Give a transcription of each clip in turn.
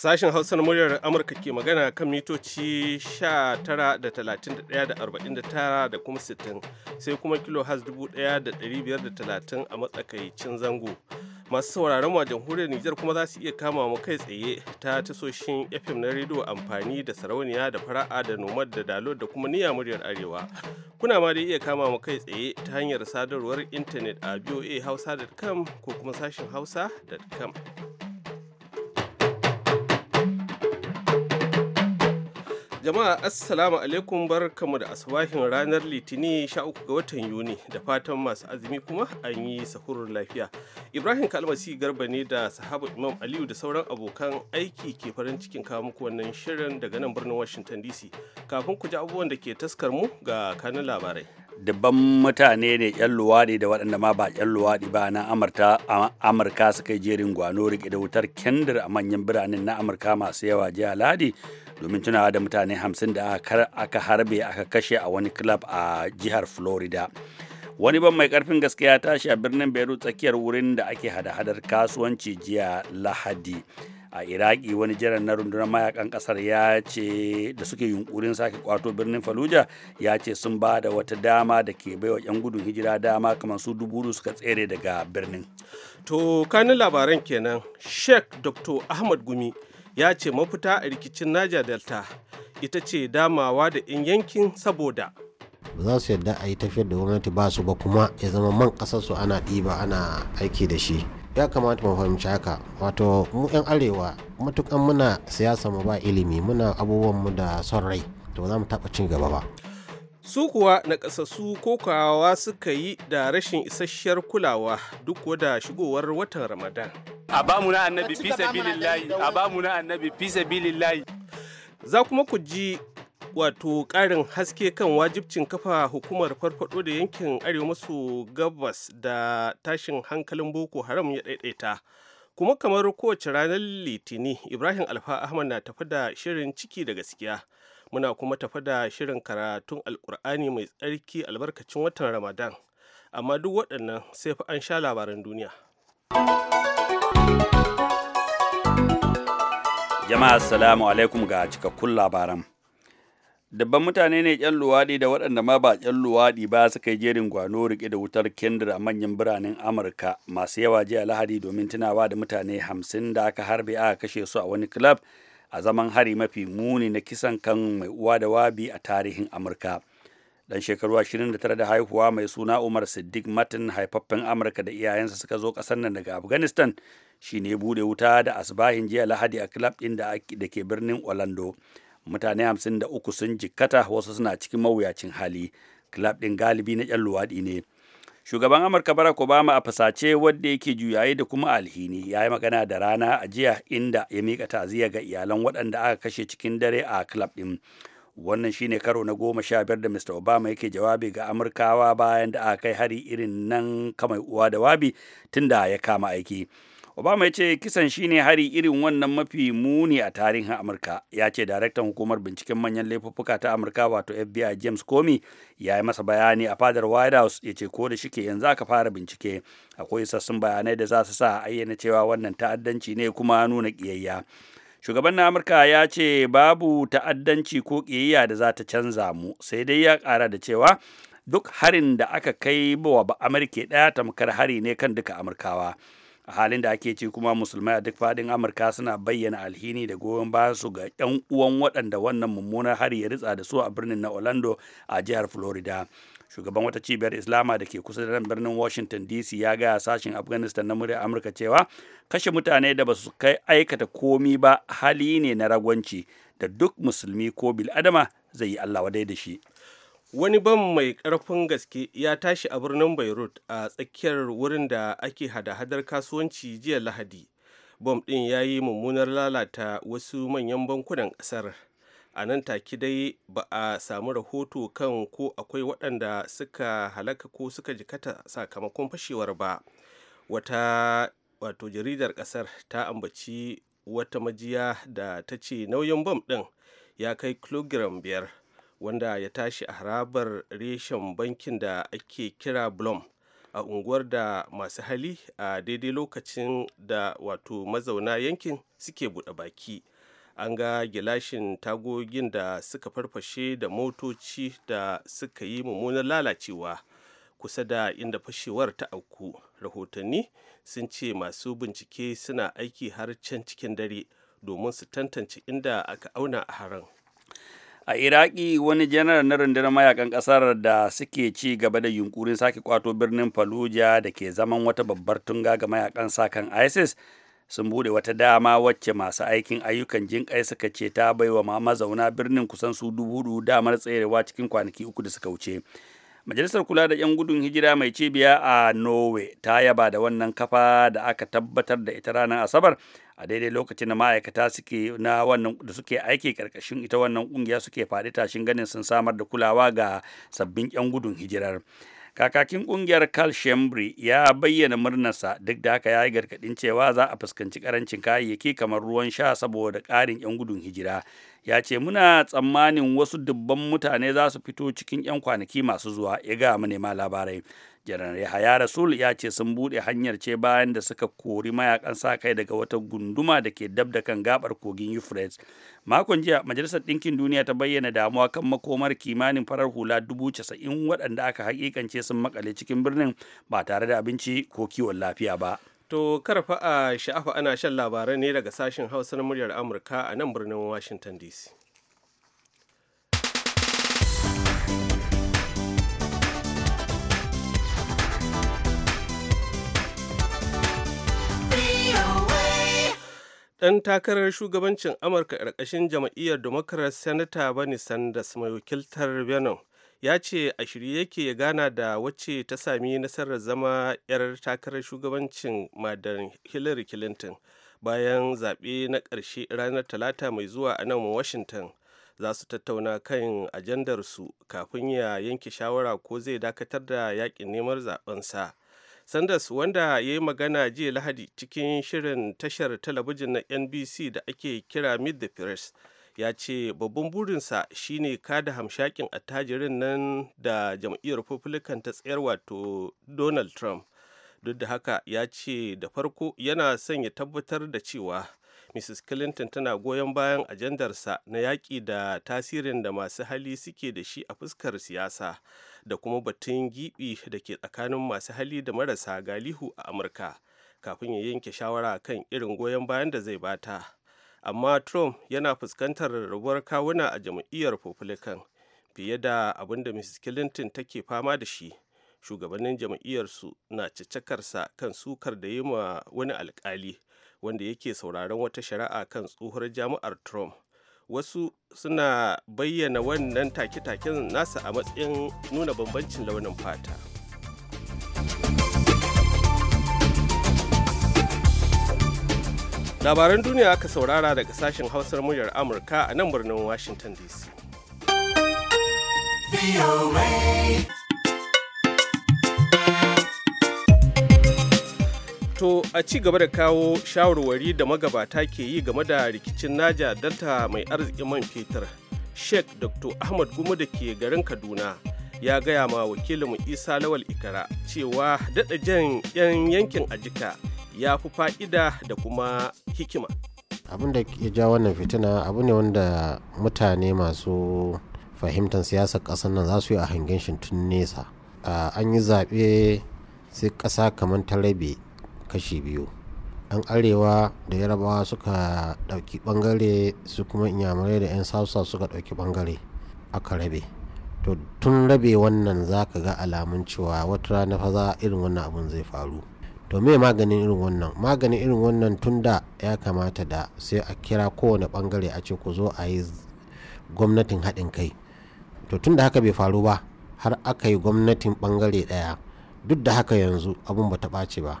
Sashen Hausa muryar Amurka ke magana kan mitoci 19.31.49 da kuma 60 sai kuma kilo has 1,530 a matsakaicin zango. Masu sauraron wa jamhuriyar Nijar kuma za su iya kama mu kai tsaye ta tasoshin FM na rediyo amfani da sarauniya da fara'a da nomad da dalo da kuma niyyar muryar Arewa. Kuna ma da iya kama mu kai tsaye ta hanyar sadarwar intanet a voahausa.com ko kuma sashen hausa.com. Jama'a Assalamu alaikum barkamu da asubahin ranar Litini 13 ga watan Yuni da fatan masu azumi kuma an yi sahurin lafiya. Ibrahim Kalmasi Garba ne da sahabu Imam Aliyu da sauran abokan aiki ke farin cikin kawo muku wannan shirin daga nan birnin Washington DC. Kafin ku ji abubuwan da ke taskar mu ga kanun labarai. Dabban mutane ne 'yan luwaɗi da waɗanda ma ba 'yan luwaɗi ba na Amurka suka yi jerin gwano rike da wutar kendir a manyan biranen na Amurka masu yawa jiya Ladi domin tunawa da mutane 50 da aka harbe aka kashe a wani club a jihar florida wani ban mai karfin gaskiya tashi a birnin beirut tsakiyar wurin da ake hada-hadar kasuwanci jiya lahadi a iraki wani jiran na rundunar mayakan kasar ya ce da suke yunkurin sake kwato birnin faluja ya ce sun ba da wata dama da ke baiwa 'yan gudun hijira dama kamar su dubu suka tsere daga birnin to kanin labaran kenan sheikh dr ahmad gumi ya ce mafita a rikicin Niger Delta ita ce damawa da 'yan yankin saboda ba za su yadda a yi tafiyar da gwamnati ba su ba kuma ya zama man su ana ɗiba ana aiki da shi ya kamata mu fahimci haka wato mu 'yan arewa matukan muna siyasa mu ba ilimi muna abubuwan mu da son rai to za mu taɓa cin gaba ba su kuwa na ƙasassu kokawa suka yi da rashin isasshiyar kulawa duk da shigowar watan ramadan a annabi fi sabilillahi za kuma ku ji wato ƙarin haske kan wajibcin kafa hukumar farfado da yankin arewa maso gabas da tashin hankalin boko haram ya ɗaiɗaita kuma kamar kowace ranar litini ibrahim alfa ahmad na tafi da shirin ciki da gaskiya muna kuma tafi da shirin karatun alkur'ani mai tsarki albarkacin watan ramadan amma duk waɗannan sai fa an sha labaran duniya. Jama'a assalamu alaikum ga cikakkun labaran. Dabban mutane ne ƙyan luwaɗi da waɗanda ma ba ƙyan luwaɗi ba suka yi jerin gwano riƙe da wutar kendir a manyan biranen Amurka masu yawa jiya Lahadi domin tunawa da mutane hamsin da aka harbe aka kashe su a wani club a zaman hari mafi muni na kisan kan mai uwa da wabi a tarihin Amurka. Dan shekaru 29 da haihuwa mai suna Umar Siddiq Martin haifaffen Amurka da iyayensa suka zo ƙasar nan daga Afghanistan shine ne bude wuta da asibahin jiya lahadi a club ɗin da ke birnin orlando mutane 53 sun jikkata wasu suna cikin mawuyacin hali club ɗin galibi na yan luwaɗi ne shugaban amurka barack obama a fasace wadda yake juyaye da kuma alhini ya yi magana da rana a jiya inda ya mika taziya ga iyalan waɗanda aka kashe cikin dare a club ɗin wannan shine karo na goma sha biyar da mr obama yake jawabi ga amurkawa bayan da aka kai hari irin nan kamai uwa da wabi tunda ya kama aiki obama ya ce kisan shine hari irin wannan mafi muni a tarihin amurka ya ce daraktan hukumar binciken manyan laifuffuka ta amurka wato fbi james comey ya yi masa bayani a fadar white house ya ce ko da shike yanzu aka fara bincike akwai sassun bayanai da za su sa ayyana cewa wannan ta'addanci ne kuma nuna kiyayya shugaban na amurka ya ce babu ta'addanci ko kiyayya da za ta canza mu sai dai ya kara da cewa duk harin da aka kai wa ba ɗaya tamkar hari ne kan duka amurkawa a halin da ake ci kuma musulmai a duk fadin amurka suna bayyana alhini da goyon bayan su ga 'yan uwan waɗanda wannan mummunar hari ya ritsa da su a birnin na orlando a jihar florida shugaban wata cibiyar islama da ke kusa da nan birnin washington dc ya gaya sashen afghanistan na murya amurka cewa kashe mutane da ba su kai aikata komi ba hali ne na ragwanci da duk musulmi ko bil'adama zai yi allah wadai da shi wani ban mai karfin gaske ya tashi a birnin beirut a tsakiyar wurin da ake hada-hadar kasuwanci jiya lahadi bom ɗin ya yi mummunar lalata wasu manyan bankunan ƙasar a nan take dai ba a samu rahoto kan ko akwai waɗanda suka halaka ko suka jikata sakamakon fashewar ba wata wato jaridar ƙasar ta ambaci wata majiya da ta ce nauyin bom ɗin ya kai kilogiram biyar wanda ya tashi a harabar reshen bankin da ake kira blom a unguwar da masu hali a daidai lokacin da wato mazauna yankin suke buɗe baki an ga gilashin tagogin da suka farfashe da motoci da suka yi mummunan lalacewa kusa da inda fashewar ta auku rahotanni sun ce masu bincike suna aiki har can cikin dare domin su tantance inda aka auna a haran a iraki wani janar na rundunar mayakan kasar da suke ci gaba da yunkurin sake kwato birnin fallujah da ke zaman wata babbar tunga ga mayakan sakan isis sun bude wata dama wacce masu aikin ayyukan kai suka ce ta baiwa mazauna birnin kusan su dubu damar tserewa cikin kwanaki uku da suka wuce Majalisar kula da 'yan gudun hijira mai cibiya a Norway ta yaba da wannan kafa da aka tabbatar da ita ranar Asabar a daidai lokacin da ma'aikata da suke aiki karkashin ita wannan ƙungiya suke faɗi tashin ganin sun samar da kulawa ga sabbin 'yan gudun hijirar. kakakin kungiyar Carl Shembri ya bayyana murnarsa duk da haka ya yi gargadin cewa za a fuskanci karancin kayayyaki kamar ruwan sha saboda ƙarin 'yan gudun hijira ya ce muna tsammanin wasu dubban mutane za su fito cikin 'yan kwanaki masu zuwa ya ga manema labarai janar yahaya rasul ya ce sun buɗe hanyar ce bayan da suka kori mayakan sa kai daga wata gunduma da ke dab da kan gabar kogin euphrates makon jiya majalisar ɗinkin duniya ta bayyana damuwa kan makomar kimanin farar hula dubu casa'in waɗanda aka hakikance sun makale cikin birnin ba tare da abinci ko kiwon lafiya ba to karfa a sha'afa ana shan labarai ne daga sashen hausar muryar amurka a nan birnin washington dc Ɗan takarar shugabancin amurka ƙarƙashin jam'iyyar democrat senator bernie sanders mai wakiltar benin ya ce a shirye yake ya gana da wacce ta sami nasarar zama 'yar takarar shugabancin madan hillary clinton bayan zaɓe na ƙarshe ranar talata mai zuwa a nan washington za su tattauna kan ajandarsu kafin ya yanke shawara ko zai dakatar da yakin neman zaɓensa sanders wanda ya yi magana jiya lahadi cikin shirin tashar talabijin na nbc da ake kira Meet the press ya ce babban burinsa shine kada hamshakin attajirin nan da jam'iyyar republican ta tsayar wato donald trump duk da haka ya ce da farko yana son ya tabbatar da cewa mrs clinton tana goyon bayan ajandarsa na yaƙi da tasirin da masu hali suke da shi a fuskar siyasa da kuma batun giɓi da ke tsakanin masu hali da marasa galihu a amurka kafin ya yanke shawara kan irin goyon bayan da zai bata amma trump yana fuskantar rabuwar kawuna a jam'iyyar republican fiye da abin da mrs clinton take fama da shi shugabannin jam'iyyarsu na caccakarsa kan sukar da yi ma wani alkali wanda yake sauraron wata shari'a kan tsohuwar jami'ar trump wasu suna bayyana wannan take-taken nasa a matsayin nuna bambancin launin fata labaran duniya aka saurara daga sashen hausar muryar amurka a nan birnin washington dc To a ci gaba da kawo shawarwari da magabata ke yi game da rikicin Naja Delta mai arzikin man fetur. Sheikh Dr. Ahmad Gumu da ke garin Kaduna ya gaya ma wakilinmu Isa Lawal Ikara cewa daɗa jan 'yan yankin ajika ya fi fa'ida da kuma hikima. Abin da ya ja wannan fitina abu ne wanda mutane masu fahimtar siyasar ƙasar nan za su yi a hangen shi tun nesa. An yi zaɓe sai ƙasa kamar ta rabe kashi biyu yan arewa da yarabawa suka ɗauki ɓangare su kuma inyamurai da 'yan sausa suka ɗauki ɓangare aka rabe to tun rabe wannan za ka ga alamun cewa wata rana fa za irin wannan abun zai faru to me maganin irin wannan maganin irin wannan tun da ya kamata da sai a kira kowane bangare a ce ku zo a yi gwamnatin haɗin kai to tun da haka bai faru ba har aka yi gwamnatin bangare ɗaya duk da haka yanzu abun ba ta ɓace ba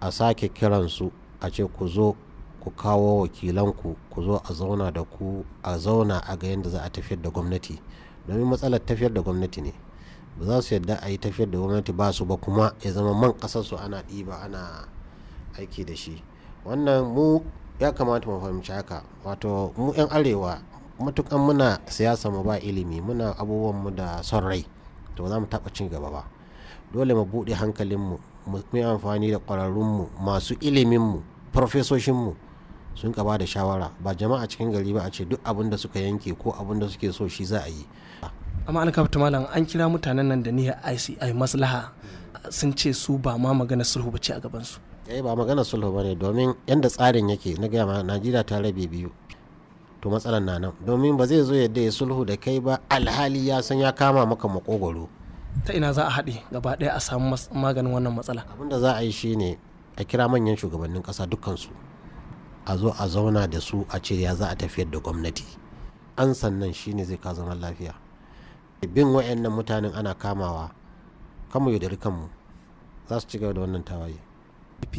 a sake kiransu a ce ku zo ku kawo wakilanku ku zo a zauna da ku a zauna a ga yadda za a tafiyar da gwamnati domin matsalar tafiyar da gwamnati ne ba za su yadda a yi tafiyar da gwamnati ba su ba kuma ya zama man ƙasarsu ana ɗiba ana aiki da shi wannan mu ya kamata mu fahimci haka wato mu 'yan arewa matukan muna siyasa mu ba ilimi muna abubuwan mu da son rai to za mu taɓa cin gaba ba dole mu buɗe hankalin mu. mu yi amfani da ƙwararrunmu masu iliminmu farfesoshinmu sun ka ba da shawara ba jama'a cikin gari ba a ce duk abin da suka yanke ko abin da suke so shi za a yi amma an malam an kira mutanen nan da niyyar ICI maslaha sun ce su ba ma magana sulhu bace a gaban su eh ba magana sulhu bane domin yanda tsarin yake na gaya ma Najeriya ta rabe biyu to matsalan na nan domin ba zai zo yadda ya sulhu da kai ba alhali ya san ya kama maka makogwaro ta ina za a haɗe gaba ɗaya a samu maganin wannan matsala abin da za a yi shine a kira manyan shugabannin ƙasa dukkansu a zo a zauna da su a ce ya za a tafiyar da gwamnati an sannan shine zai ka zaman lafiya bin wayannan mutanen ana kamawa kanmu yaudari kanmu za su ci gaba da wannan tawaye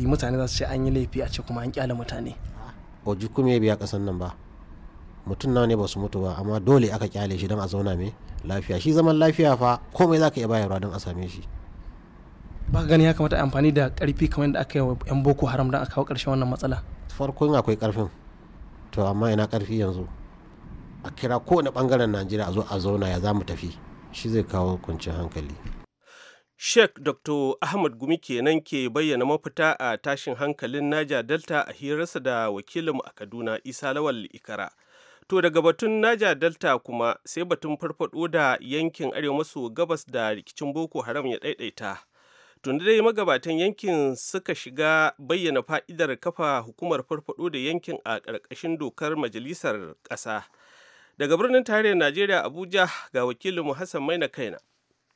mutane za su ce an yi laifi a ce kuma an kyale mutane oji kuma ya biya kasan nan ba mutum nawa ne ba su mutu ba amma dole aka kyale shi don a zauna mai lafiya shi zaman lafiya fa komai za ka iya bayarwa don a same shi ba gani ya kamata amfani da karfi kamar yadda aka yi wa 'yan boko haram don a kawo ƙarshen wannan matsala farko yin akwai karfin to amma ina karfi yanzu a kira kowane bangaren najeriya a zo a zauna ya za mu tafi shi zai kawo kwanciyar hankali Sheikh Dr. Ahmad Gumi kenan ke bayyana mafita a tashin hankalin Naja Delta a hirarsa da wakilinmu a Kaduna Isa Lawal Ikara. To daga batun naja Delta kuma sai batun farfaɗo da yankin arewa maso gabas da rikicin Boko Haram ya ɗaiɗaita. Tunda dai magabatan yankin suka shiga bayyana fa'idar kafa hukumar farfaɗo da yankin a ƙarƙashin dokar majalisar ƙasa. Daga birnin tarayyar Najeriya Abuja ga wakilinmu Hassan Maina Kaina.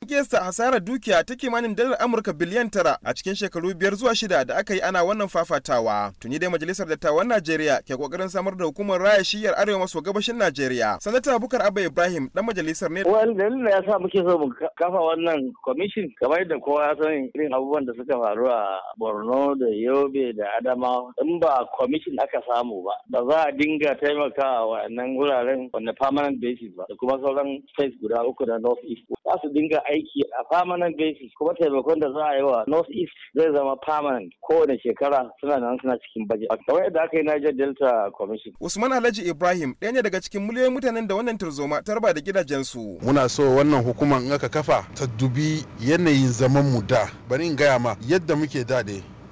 kesa hasarar dukiya ta kimanin dalar amurka biliyan tara a cikin shekaru biyar zuwa shida da aka yi ana wannan fafatawa tuni dai majalisar dattawan najeriya ke kokarin samar da hukumar raya shiyar arewa maso gabashin najeriya sanata bukar abba ibrahim dan majalisar ne wani dalilin ya sa muke so mu kafa wannan komishin kamar yadda kowa ya san irin abubuwan da suka faru a borno da yobe da adamawa in ba kwamishin aka samu ba ba za a dinga taimakawa wa'annan wuraren wanda permanent basis ba da kuma sauran states guda uku da north east za su dinga aiki a permanent basis kuma taimakon da za a yi wa north east zai zama permanent kowane shekara suna nan suna cikin baje kamar da aka yi Niger Delta Commission. Usman Alhaji Ibrahim ɗaya ne daga cikin miliyoyin mutanen da wannan tarzoma ta raba da gidajensu. Muna so wannan hukumar in aka kafa ta dubi yanayin zaman mu da bari in gaya ma yadda muke da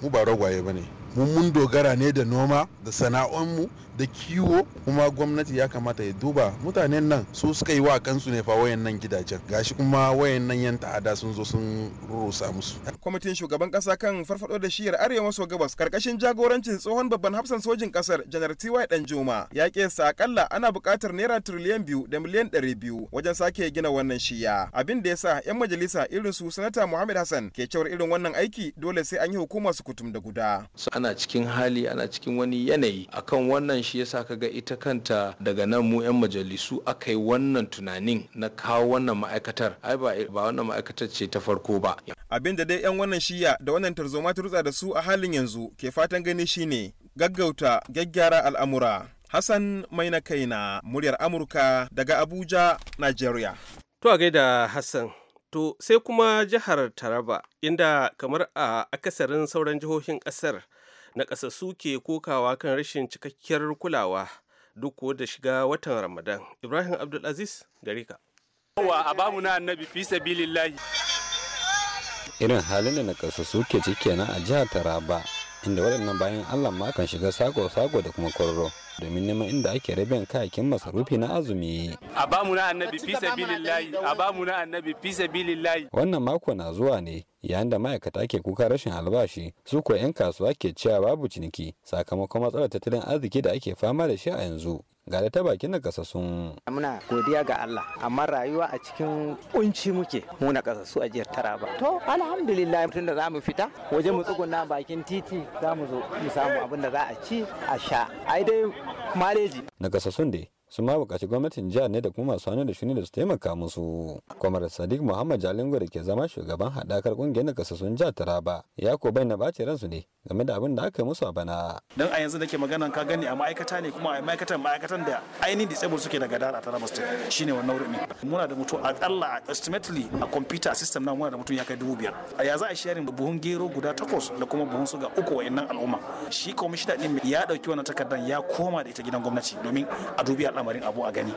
mu ba ragwaye ba ne. Mu mun dogara ne da noma da sana'onmu da kiwo kuma gwamnati ya kamata ya duba mutanen nan su suka yi wa kansu ne fa wayan nan gidajen gashi kuma wayan nan yan ta'ada sun zo sun rusa musu kwamitin shugaban kasa kan farfado da shiyar arewa maso gabas karkashin jagorancin tsohon babban hafsan sojin kasar janar ty juma ya kesa akalla ana buƙatar naira tiriliyan biyu da miliyan ɗari biyu wajen sake gina wannan shiya abin da yasa yan majalisa irin su sanata muhammad hassan ke cewar irin wannan aiki dole sai an yi hukuma su kutum da guda ana cikin hali ana cikin wani yanayi akan wannan shi yasa ga ita kanta daga nan mu 'yan majalisu aka yi wannan tunanin na kawo wannan ma'aikatar ai ba wannan ma'aikatar ce ta farko ba abin da dai 'yan wannan shiya da wannan tarzoma ta rutsa da su a halin yanzu ke fatan gani shine gaggauta gyaggyara al'amura hassan mai na kaina muryar amurka daga abuja nigeria to a gaida hassan to sai kuma jihar taraba inda kamar a akasarin sauran jihohin kasar ƙasa ke kokawa kan rashin cikakkiyar kulawa duk ko da shiga watan ramadan ibrahim abdulaziz gare ka wa a na annabi fi sabilillahi irin halin da ƙasa ke cike na a jihar taraba inda waɗannan bayan allah ma kan shiga sako-sako da kuma kwarro domin neman inda ake rabin kayakin masarufi na azumi. A bamu na annabi fi sabilillahi, a Wannan mako na zuwa ne yayin da ma'aikata ke kuka rashin albashi su ko 'yan kasuwa ke cewa babu ciniki sakamakon matsalar tattalin arziki da ake fama da shi a yanzu ga da ta bakin na sun Muna godiya ga Allah amma rayuwa a cikin kunci muke muna su ajiyar jiyar Taraba. To alhamdulillah tun da zamu fita waje mu tsuguna bakin titi zamu zo mu samu abin da za a ci a sha. Ai dai maleji. Na sun dai su ma bukaci gwamnatin jihar ne da kuma masu hannu da shuni da su taimaka musu kwamar sadiq muhammad jalingo da ke zama shugaban haɗakar ƙungiyar nakasassun jihar taraba ya ko bai na ɓaci ransu ne game da abin da aka yi musu a bana don a yanzu nake magana ka gani a ma'aikata ne kuma a ma'aikatan ma'aikatan da ainihin disabled suke daga dara a taraba state shine wannan wurin ne muna da mutum a estimately a computer system na muna da mutum ya kai dubu biyar a ya za a sharing buhun gero guda takwas da kuma buhun suga uku wa'annan al'umma shi kwamishina ɗin ya ɗauki wannan takardar ya koma da ita gidan gwamnati domin a dubi al'amari al'amarin abu a gani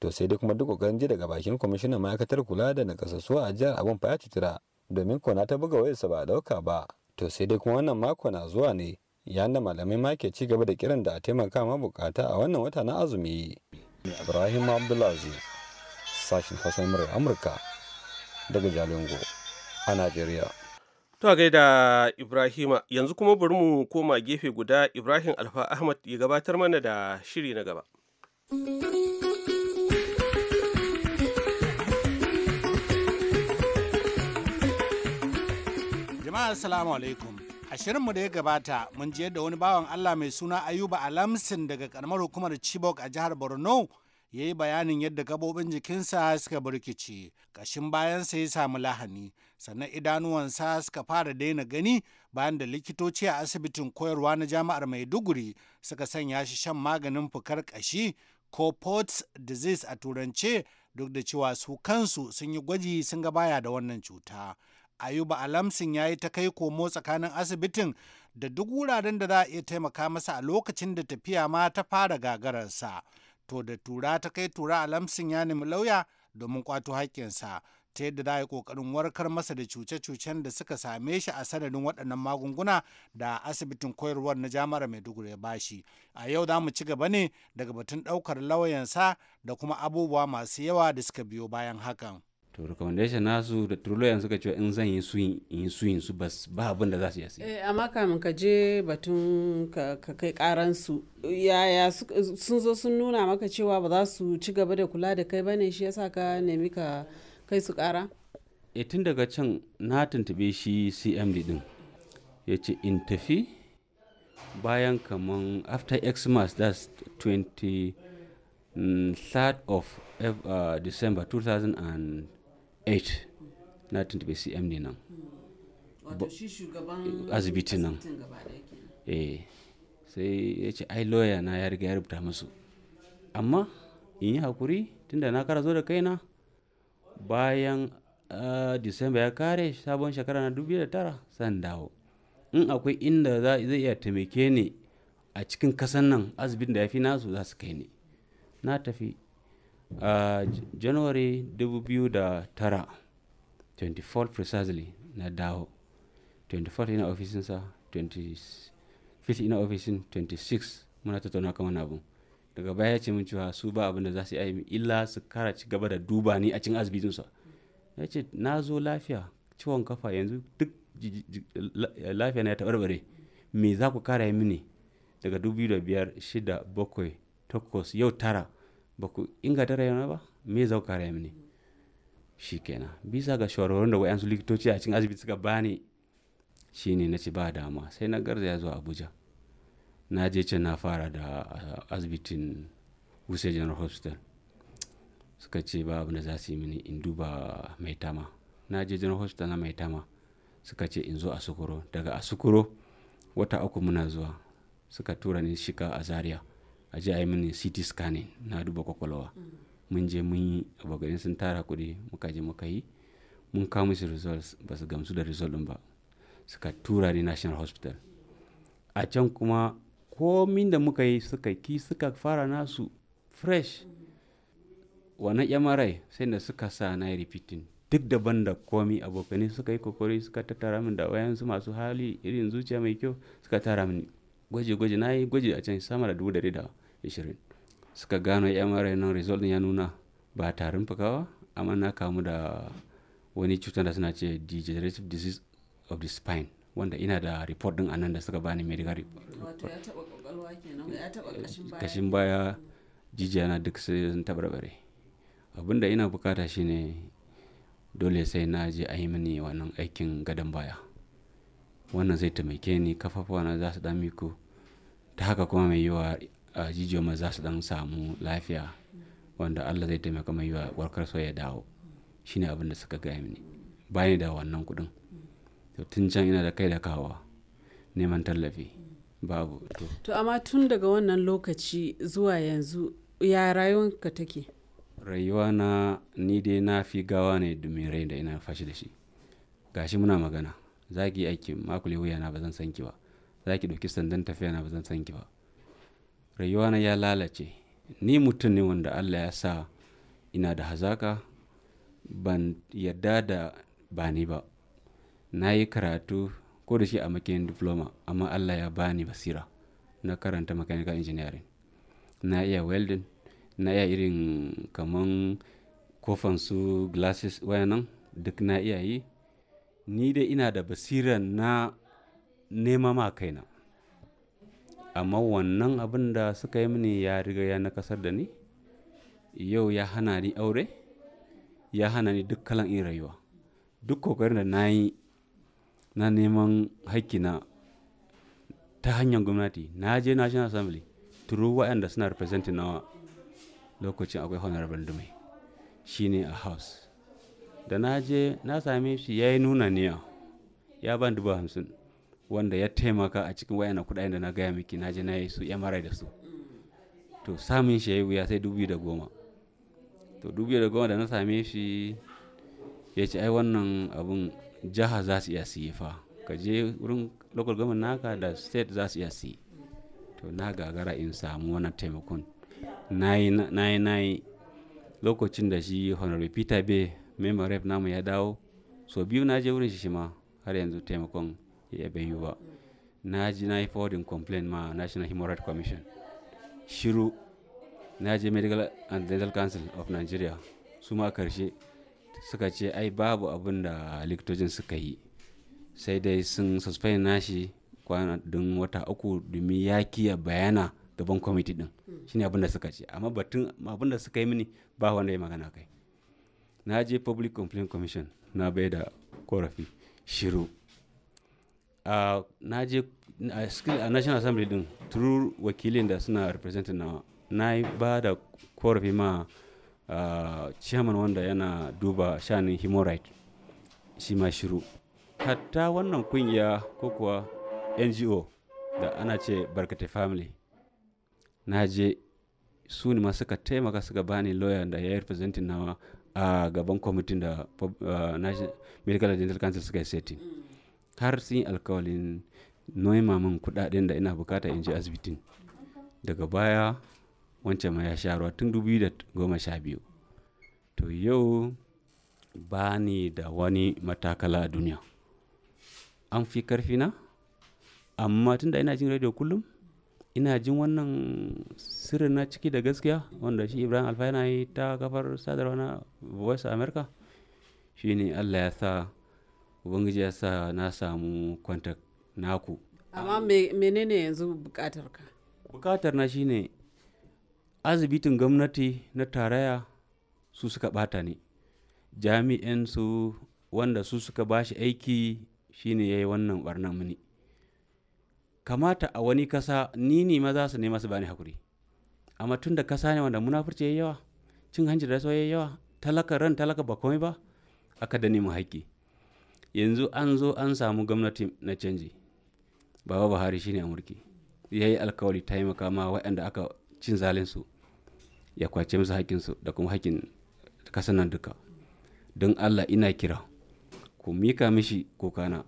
to sai dai kuma duk kokarin ji daga bakin kwamishinan ma'aikatar kula da nakasassuwa a jihar abun fa ya tutura domin kona ta buga wayarsa ba a ɗauka ba to sai dai kuma wannan mako na zuwa ne ya da malamai ma ke ci gaba da kiran da a taimaka ma bukata a wannan wata na azumi ibrahim abdulaziz sashin hassan murar amurka daga jalingo a najeriya To gaida Ibrahima yanzu kuma bari mu koma gefe guda Ibrahim Alfa Ahmad ya gabatar mana da shiri na gaba. Jama'a Assalamu alaikum. A shirinmu da ya gabata mun je da wani bawan Allah mai suna Ayuba Alamsin daga karamar hukumar Chibok a jihar Borno ya yi bayanin yadda gabobin jikinsa suka burkice, ƙashin bayansa ya samu lahani, sannan idanuwansa suka fara daina gani bayan da likitoci a asibitin koyarwa na jami'ar Maiduguri suka sanya shi shan maganin fukar ƙashi Corpot's disease a turance duk da cewa su kansu sun yi gwaji sun ga baya da wannan cuta. Ayuba Alamsin ya yi ta kai komo tsakanin asibitin da duk wuraren da za a iya taimaka masa a lokacin da tafiya ma ta fara gagararsa. To da tura ta kai tura Alamsin ya nemi lauya domin kwato haƙƙinsa. ta yadda za a yi kokarin warkar masa da cuce-cucen da suka same shi a sanadin waɗannan magunguna da asibitin koyarwar na jami'ar Maiduguri ya bashi. A yau za mu ci gaba ne daga batun ɗaukar lauyansa da kuma abubuwa masu yawa da suka biyo bayan hakan. to recommendation nasu da turuloyan suka cewa in zan yi suyin in suyin su bas ba abin da za su yi eh amma kamin ka je batun ka kai karan su yaya sun zo sun nuna maka cewa ba za su ci gaba da kula da kai bane shi yasa ka nemi ka kai su ƙara e tun daga can na tuntube shi cmd din ya ce in tafi bayan kaman after xmas that's 23rd mm, of uh, december 2008 na tuntube cmd nan asibiti nan eh, sai ya ce ai lawyer na ya riga ya rubuta musu amma in yi hakuri tunda na kara zo da kaina bayan ah, disamba ya kare sabon shekara na 2009 san dawo in akwai inda zai iya taimake ni a cikin kasan nan asibitin da ya fi nasu za su kai ni na tafi a ah, january 2009 24 precisely na dawo 24 ina ofisinsa 25 ina ofisin 26 muna tattauna kan wani abu daga baya ya ce min cewa su ba abin da za su yi min illa su kara ci gaba da duba ni a cikin asibitinsa ya ce na zo lafiya ciwon kafa yanzu duk lafiya na ya taɓarɓare me za ku kara yi mini daga dubu da biyar shida bakwai takwas yau tara ba ku inganta rayuwa ba me za ku kara yi mini shi kenan bisa ga shawarwarin da wayansu likitoci a cikin asibiti suka bani shine na ce ba dama sai na garzaya zuwa abuja na je can na fara da ah, asibitin wuse general hospital suka ce ba abu da za su yi mini in duba mai tama na je general hospital na mai tama suka ce in zo a sukuro daga a sukuro wata uku muna zuwa suka tura ni shika a zaria a je a yi mini ct scanning na duba kwakwalwa mun je mun yi abogarin sun tara kuɗi muka je muka yi mun kawo musu results ba su gamsu da results ba suka tura ni national hospital a can kuma komin da muka yi suka ki suka fara nasu fresh wani yamarai sai da suka sa na yi repeating duk daban da komi abokani suka yi kokori suka tattara min da wayansu masu hali irin zuciya mai kyau suka tara min gwaji-gwaji na yi gwaji a can sama da dubu dari da ishirin suka gano yamarai nan result ya nuna ba tarin fukawa amma na kamu da wani cutar da suna ce degenerative disease of the spine wanda ina da report din anan da suka bani medical report wato ya taba kwakwalwa kenan ya taba kashin baya kashin baya jijiya na duk sai sun rabare abinda ina bukata shine dole sai na je a yi mini wannan aikin gadon baya wannan zai taimake ni kafafuwa na za su dan miku ta haka kuma mai yiwa a jijiyo ma za su dan samu lafiya wanda allah zai taimaka mai yiwa warkar so ya dawo shine abin da suka gaya mini bani da wannan kudin to tun can ina da kai da kawa neman tallafi babu to amma tun daga wannan lokaci zuwa yanzu ya rayuwanka take rayuwa na ni dai na fi gawa ne domin rai da ina fashi da shi gashi muna magana za ki yi aiki makule wuya na ba zan san ki ba za ki ɗauki sandan tafiya na ba zan san ki ba rayuwa na ya lalace ni mutum ne wanda allah ya sa ina da hazaka ban yadda da ba ni ba na yi karatu ko da shi a makin diploma amma allah ya bani basira na karanta mechanical engineering na iya welding na iya irin kaman kofan su glasses wayanan duk na iya yi ni dai ina da basira na nema ma kaina amma wannan abin da suka yi mini ya riga ya nakasar da ni yau ya hana ni aure ya hana ni duk kalan in rayuwa duk kokarin da na yi na neman haƙƙina ta hanyar gwamnati na je national assembly turu waɗanda suna representing nawa lokacin akwai honorable shi shine a house da na je na same shi ya yi nuna niya ya ban dubu hamsin wanda ya taimaka a cikin wayannan kudayen da na gaya miki na je na yi su mri da su to samun shi ya yi wuya sai dubu da goma to dubu da goma da na same shi ya ce ai wannan abun jiha za su iya siye fa ka je wurin local government naka da state za su iya siye to na gagara in samu wannan taimakon na yi na yi lokacin da shi honorary peter bay member rep namu ya dawo so biyu na je wurin shi shi har yanzu taimakon ya bayu ba na ji na yi forwarding complaint ma national human rights commission shiru na je medical and dental council of nigeria su ma karshe suka ce ai babu abin da likitocin suka yi sai dai sun suspend nashi don wata uku domin ya kiya bayana gaban kwamiti din shine abin da suka ce amma batun abin da suka yi mini ba wanda ya magana kai na je public complaint commission na bai da korafi shiru na je a national assembly din turu wakilin da suna representing na na ba da korafi ma Uh, chairman wanda yana duba shanin human right shi ma shiru hatta wannan kungiya ko kuwa ngo da ana ce barkate family na je su ne suka taimaka suka bani lawyer da ya yi representing nawa a gaban kwamitin da uh, medical and dental council suka yi setting har sun yi alkawalin noyi min kudaden da ina bukata in je asibitin daga baya wancan ma ya sha ruwa tun biyu to yau ba ni da wani matakala a duniya an fi na amma tun da ina jin radio kullum ina jin wannan sirrin na ciki da gaskiya wanda shi ibrahim alfa yi ta kafar sadarwa na voice america shine allah ya sa ubangiji ya sa na samu kwantak naku amma menene yanzu bukatar ka bukatar na shine azibitin gwamnati na taraya su suka bata ne jami'in su wanda su suka bashi aiki shine ya yi wannan barnan mini kamata a wani kasa ni ne maza su nema su bani hakuri amma tun da kasa ne wanda munafurci ya yawa cin hanci da yi yawa talaka ran talaka ba komai ba aka da nemi haƙƙi yanzu an zo an samu gwamnati na canji baba buhari shine a mulki ya yi alkawari taimaka ma waɗanda aka cin zalinsu ya kwace musu haƙƙinsu da kuma haƙƙin kasan nan duka don allah ina kira ku mika mishi kokana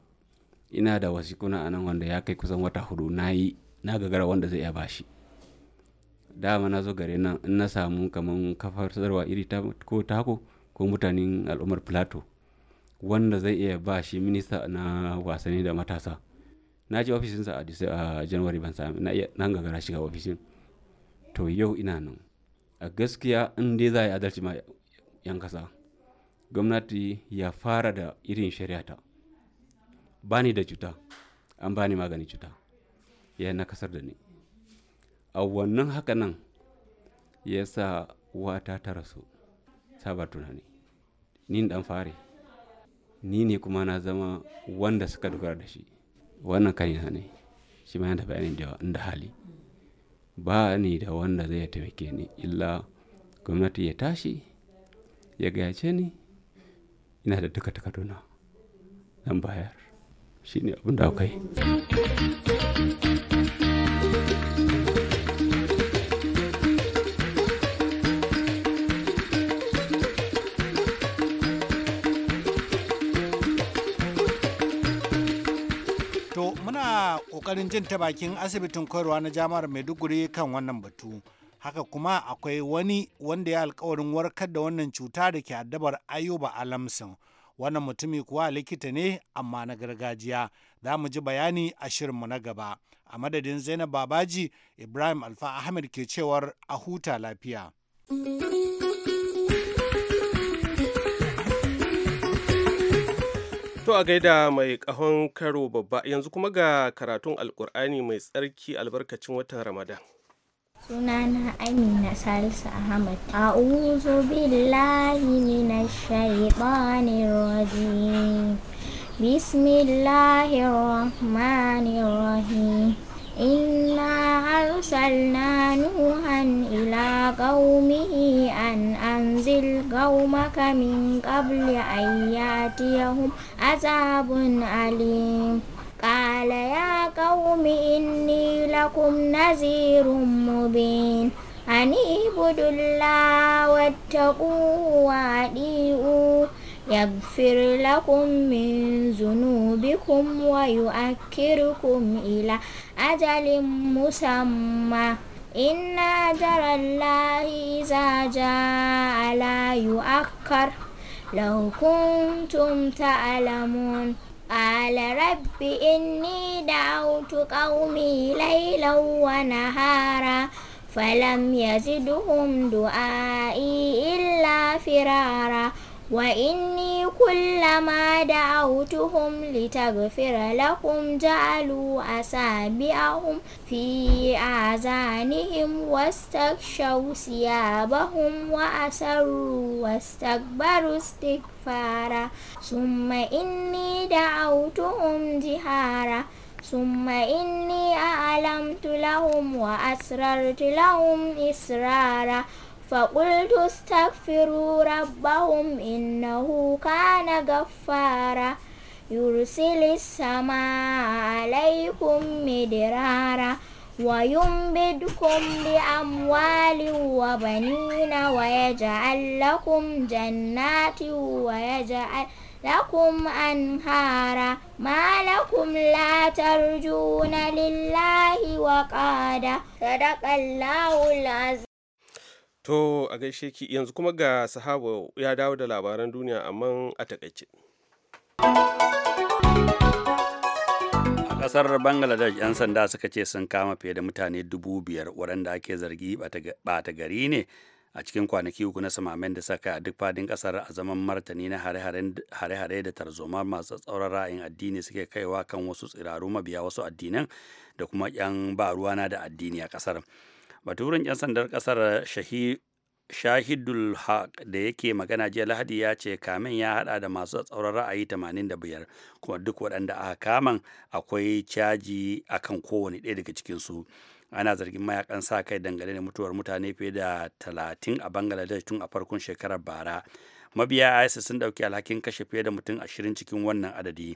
ina da wasikuna a nan wanda ya kai kusan wata hudu na yi na gagara wanda zai iya bashi dama na zo gare nan in na samu kamar kafar sadarwa iri ta ko tako ko mutanen al'ummar plato wanda zai iya ba shi minista na wasanni da matasa na je ofishinsa a january ban sami na gagara shiga ofishin to yau ina nan a gaskiya in dai za a yi adalci ma 'yan kasa gwamnati ya fara da irin shari'ata ba ni da cuta an ba ni maganin cuta ya na kasar da ni a wannan haka nan ya sa wata ta rasu saba tunani ni dan fare ni ne kuma na zama wanda suka dogara da shi wannan kanina ne shi ma yana da bayanin da hali ba ni da wanda zai taimake ni illa gwamnati ya tashi ya gayace ni ina da duka takaduna zan bayar shi ne abin da akwai kokarin jin ta bakin asibitin koyarwa na jami'ar maiduguri kan wannan batu haka kuma akwai wani wanda ya alkawarin warkar da wannan cuta da ke addabar ayuba alamsin wannan mutumi kuwa likita ne amma na gargajiya za mu ji bayani a shirinmu na gaba a madadin zainab babaji ibrahim alfa ahmed ke cewar a huta lafiya. To a gaida mai kahon karo babba yanzu kuma ga karatun alkur'ani mai tsarki albarkacin watan Ramadan. sunana amina salisu ahmad A uzu billahi na shaitanir rajim bismillahir إنا أرسلنا نوحا إلى قومه أن أنزل قومك من قبل أن يأتيهم عذاب أليم قال يا قوم إني لكم نذير مبين أن اعبدوا الله واتقوه وأطيعوه يغفر لكم من ذنوبكم ويؤكركم إلى أجل مسمى إن أجل الله إذا جاء لا يؤخر لو كنتم تعلمون قال رب إني دعوت قومي ليلا ونهارا فلم يزدهم دعائي إلا فرارا وإني كلما دعوتهم لتغفر لهم جعلوا أسابعهم في آذانهم واستغشوا ثيابهم وأسروا واستكبروا استكفارا ثم إني دعوتهم جهارا ثم إني أعلمت لهم وأسررت لهم إسرارا فقلت استغفروا ربهم إنه كان غفارا يرسل السماء عليكم مدرارا ويمددكم بأموال وبنين ويجعل لكم جنات ويجعل لكم أنهارا ما لكم لا ترجون لله وقادا صدق الله العظيم To a gaishe ki yanzu kuma ga sahaba ya dawo da labaran duniya amma a takaice. A ƙasar Bangladesh 'yan sanda suka ce sun kama fiye da mutane dubu biyar waɗanda ake zargi ɓata gari ne a cikin kwanaki uku na samamen da saka duk fadin ƙasar a zaman martani na hare-hare da tarzoma masu tsauran ra'ayin addini suke kaiwa kan wasu tsiraru mabiya wasu addinan da kuma 'yan ba ruwana da addini a ƙasar. baturin 'yan sandar kasar shahidul haq da yake magana jiya lahadi ya ce kamen ya hada da masu tsauran ra'ayi 85 kuma duk waɗanda aka kaman akwai caji akan kowane ɗaya daga cikinsu ana zargin mayakan sa kai dangane da mutuwar mutane fiye da 30 a bangladesh tun a farkon shekarar bara mabiya isis sun ɗauki alhakin kashe fiye da mutum 20 cikin wannan adadi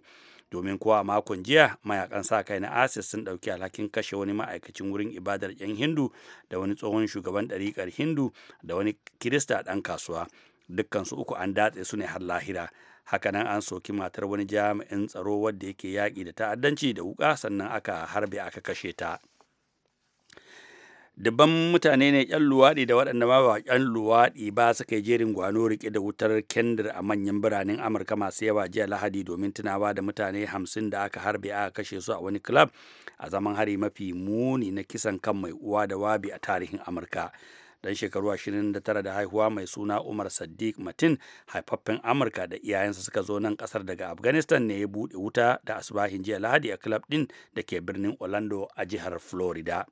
domin kuwa makon jiya mayakan sa kai na asis sun ɗauki alhakin kashe wani ma'aikacin wurin ibadar 'yan hindu da wani tsohon shugaban ɗariƙar hindu da wani kirista ɗan kasuwa dukkansu uku an datse su ne har lahira hakanan an soki matar wani jami'in tsaro wadda yake yaƙi da ta'addanci da wuƙa sannan aka harbe aka kashe ta. dubban mutane ne yan luwaɗi da waɗanda ma ba luwaɗi ba suka yi jerin gwano riƙe da wutar kendir a manyan biranen amurka masu yawa jiya lahadi domin tunawa da mutane hamsin da aka harbe aka kashe su a wani club a zaman hari mafi muni na kisan kan mai uwa da wabi a tarihin amurka dan shekaru 29 da haihuwa mai suna Umar Sadiq Matin haifaffen Amurka da iyayensa suka zo nan kasar daga Afghanistan ne ya buɗe wuta da asubahin jiya Lahadi a club ɗin da ke birnin Orlando a jihar Florida.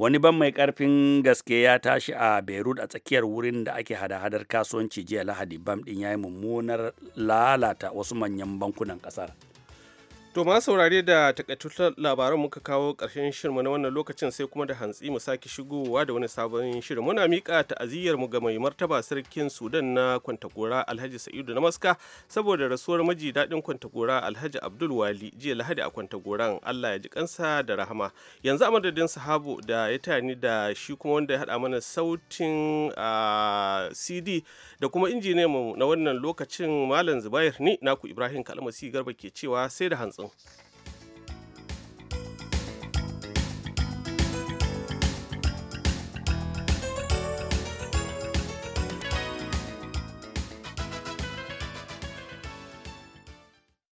wani ban mai karfin gaske ya tashi a beirut a tsakiyar wurin da ake hada-hadar kasuwanci jiya lahadi bam din ya yi mummunar lalata wasu manyan bankunan kasar To ma saurare da takaitattun labaran muka kawo ƙarshen shirma na wannan lokacin sai kuma da hantsi mu sake shigowa da wani sabon shirin. Muna miƙa ta'aziyyar mu ga mai martaba sarkin Sudan na Kwantagora Alhaji Sa'idu na Maska saboda rasuwar maji daɗin Kwantagora Alhaji Abdul Wali jiya Lahadi a Kwantagoran Allah ya ji kansa da rahama. Yanzu a madadin sahabu da ya tani da shi kuma wanda ya haɗa mana sautin CD da kuma injiniyan mu na wannan lokacin Malam Zubair ni naku Ibrahim Kalmasi Garba ke cewa sai da hantsi. 또.